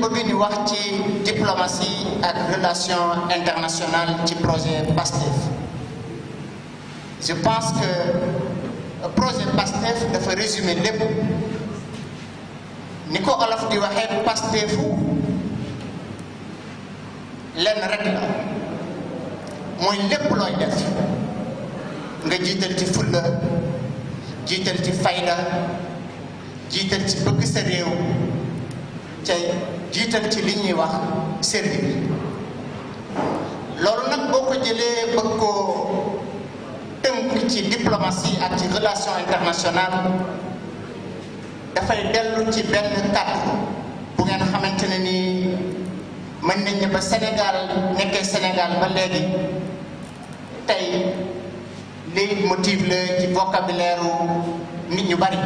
bëgg wax ci diplomatie ak relation internationale ci projet PASTEF je pense que projet PASTEF dafa résumer lépp Niko ko di waxee PASTEFu lenn rek la mooy lépp looy def nga jiital ci fulla jiital ci fayda jiital ci bëgg sa réew jiital ci li ñuy wax sirri bi loolu nag boo ko jëlee bëgg koo tënk ci diplomatie ak ci relation internationale dafay dellu ci benn kàddu bu ngeen xamante ne ni mën nañ ne ba Sénégal nekkee Sénégal ba léegi tey léegi motive la ci vocabulaire nit ñu bari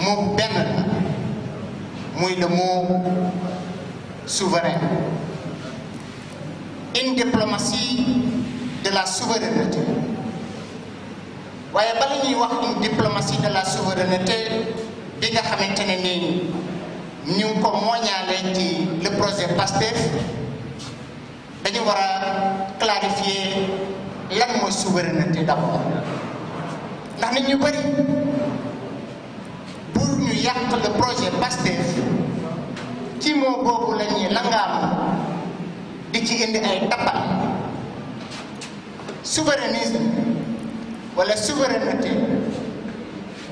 moom benn muy le mot souverain. Une diplomatie de la souveraineté. waaye bala ñuy wax une diplomatie de la souveraineté bi nga xamante ne nii ñu ngi ko mooñaale ci le projet PASTEF dañu war a clarifier lan mooy souveraineté d'abord ndax nit ñu bëri yàq le projet PASTEF ci moo boobu la ñuy di ci indi ay tappat souverainisme wala souveraineté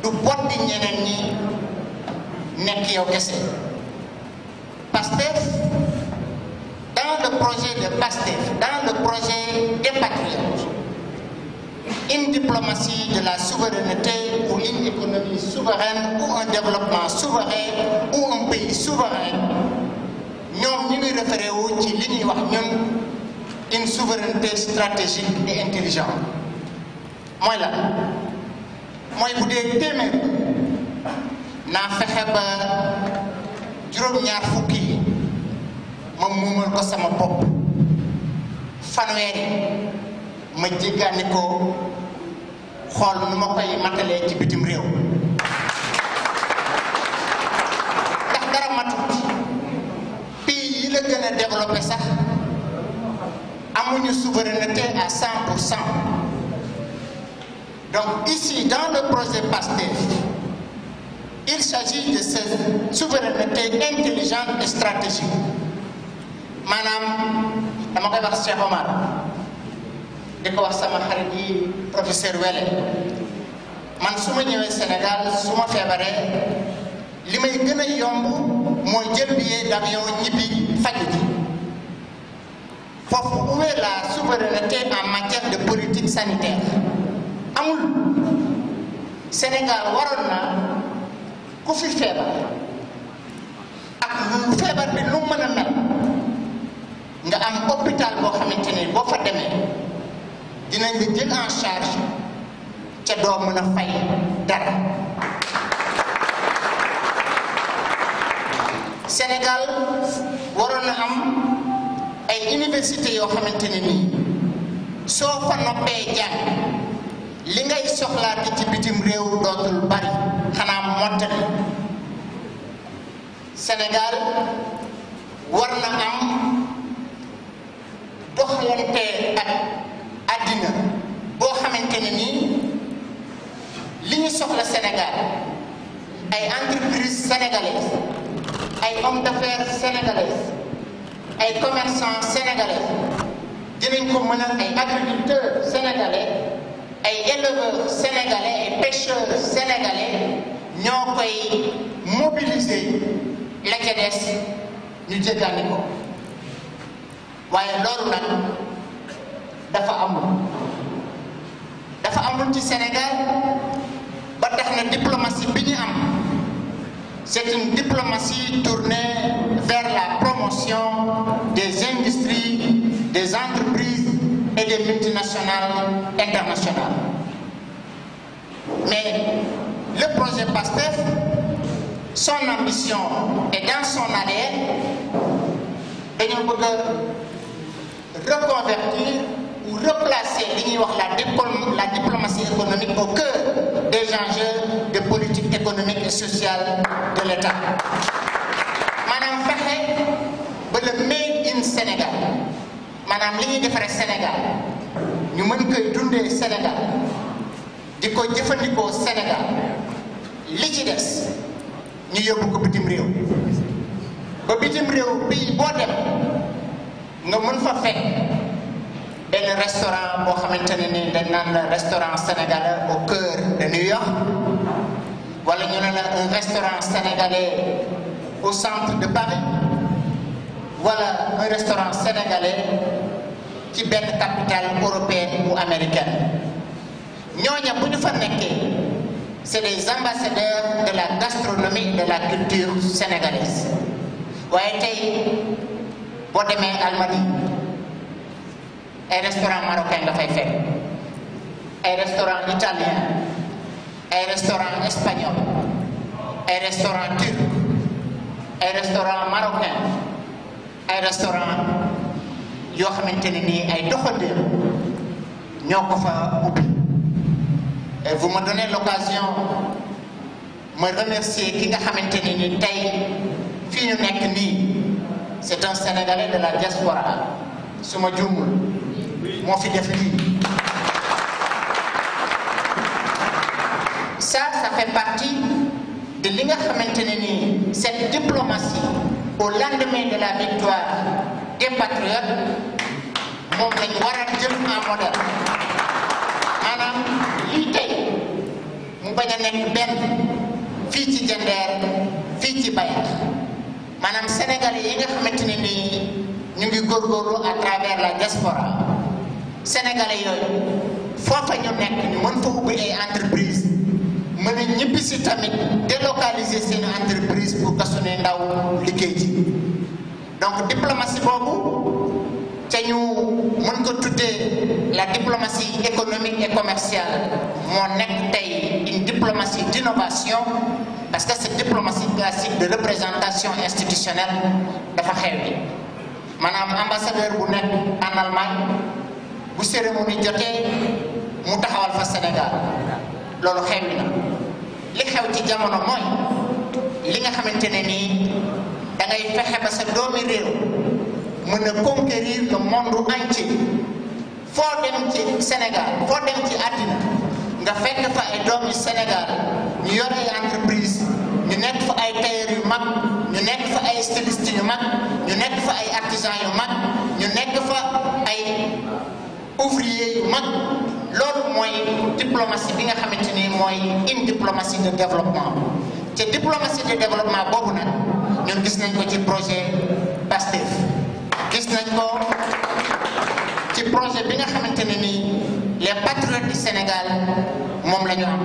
du botti ñeneen ñi nekk yow kese PASTEF dans le projet de PASTEF dans le projet des patriotes une diplomatie de la souveraineté ou une économie souveraine ou un développement souverain ou un pays souverain nous nous référons à wu ci une souveraineté stratégique et intelligente moi la vous bu dee n'a fait fexe de juróom-ñaar fukki mon moom ko ma jéggaani ko xool nu ma koy matalee ci bitim réew ndax dara matut pays yi la gën a développé sax amuñu souveraineté à cent pour cent donc ici dans le projet PASTEF il s'agit de cette souveraineté intelligente et stratégique maanaam dama koy wax Cheikh Omar di ko wax sama xarit yi professeur Wele man su ma ñëwee Sénégal su ma feebaree li may gën a yomb mooy jël billet d'avion ñibbi faju ji foofu où est la souveraineté en matière de politique amul Sénégal waroon na ku fi feebar ak lu feebar bi lu mën a mel nga am hôpital boo xamante ni boo fa demee dinañ la jël en ca doo mën fay dara Sénégal waroon na am ay université yoo xamante ne nii soo fa noppee jàng li ngay soxlaate ci bitim réew dootul bari xanaa mottali Sénégal war na am doxalante ak Adina, bo Kenini, ni liñu l'Union soxla Sénégal ay entreprises sénégalaises ay hommes d'affaires sénégalais ay commerçants sénégalais dinañ ko agriculteurs sénégalais ay éleveurs sénégalais ay pêcheurs sénégalais nous avons mobiliser la ca des ñu jéggaani ko waaye du Sénégal diplomatie c'est une diplomatie tournée vers la promotion des industries des entreprises et des multinationales internationales mais le projet PASTEF son ambition est dans son arrêt et nous reconvertir ou replacer la diplomatie économique au cœur des enjeux de politique économique et sociale de l'État. Madame ba le made in Sénégal Madame de Sénégal ñu koy Sénégal des Sénégal li ci des ñu beaucoup ko nga le restaurant Mohamed xamante ni restaurant sénégalais au cœur de New York wala ñu un restaurant sénégalais au centre de Paris Voilà, un restaurant sénégalais ci la capitale européenne ou américaine ñoña buñu fa c'est des ambassadeurs de la gastronomie de la culture sénégalaise waye tay bo ay restaurant marocain de fay fekk restaurant italien ay restaurant espagnol ay restaurant turc ay restaurant marocain ay restaurant yoo xamante ni nii ay doxandéem ñoo ko fa et vous me donnez l'occasion ma remercier ki nga xamante ni nii tey fii ñu nekk nii c'est un Sénégalais de la diaspora suma ma moo fi ça ça fait partie de li nga cette diplomatie au lendemain de la victoire des patriotes mon lañ war a jël en modèle maanaam lii tey mu bañ a nekk benn fii ci sénégalais à travers la diaspora sénégalais yooyu faut ñu nekk ñu mën fa ubbi ay entreprise mën a ñibbi si tamit délocaliser seen entreprise pour que suñuy ndaw liggéey ci donc diplomatie boobu ca ñu mën ko tuddee la diplomatie économique et commerciale moo nekk une diplomatie d'innovation parce que cette diplomatie classique de représentation institutionnelle dafa xew bi maanaam ambassadeur bu nekk en Allemagne bu cérémonie jotee mu taxawal fa Sénégal loolu xew na li xew ci jamono mooy li nga xamante ne nii da ngay fexe ba sa doomi réew mën a conquérir le monde entier foo dem ci Sénégal foo dem ci àddina nga fekk fa ay yu Sénégal ñu yore entreprise ñu nekk fa ay tailleur yu mag ñu nekk fa ay styliste yu mag ñu nekk fa ay artisan yu mag ñu nekk fa ay ouvrier mag loolu moy diplomatie bi nga xamanteni moy une diplomatie de développement ci diplomatie de développement bobu nak ñun gis nañ ko ci projet PASTEF gis nañ ko ci projet bi nga xamanteni ni les patriotes du Sénégal mom lañu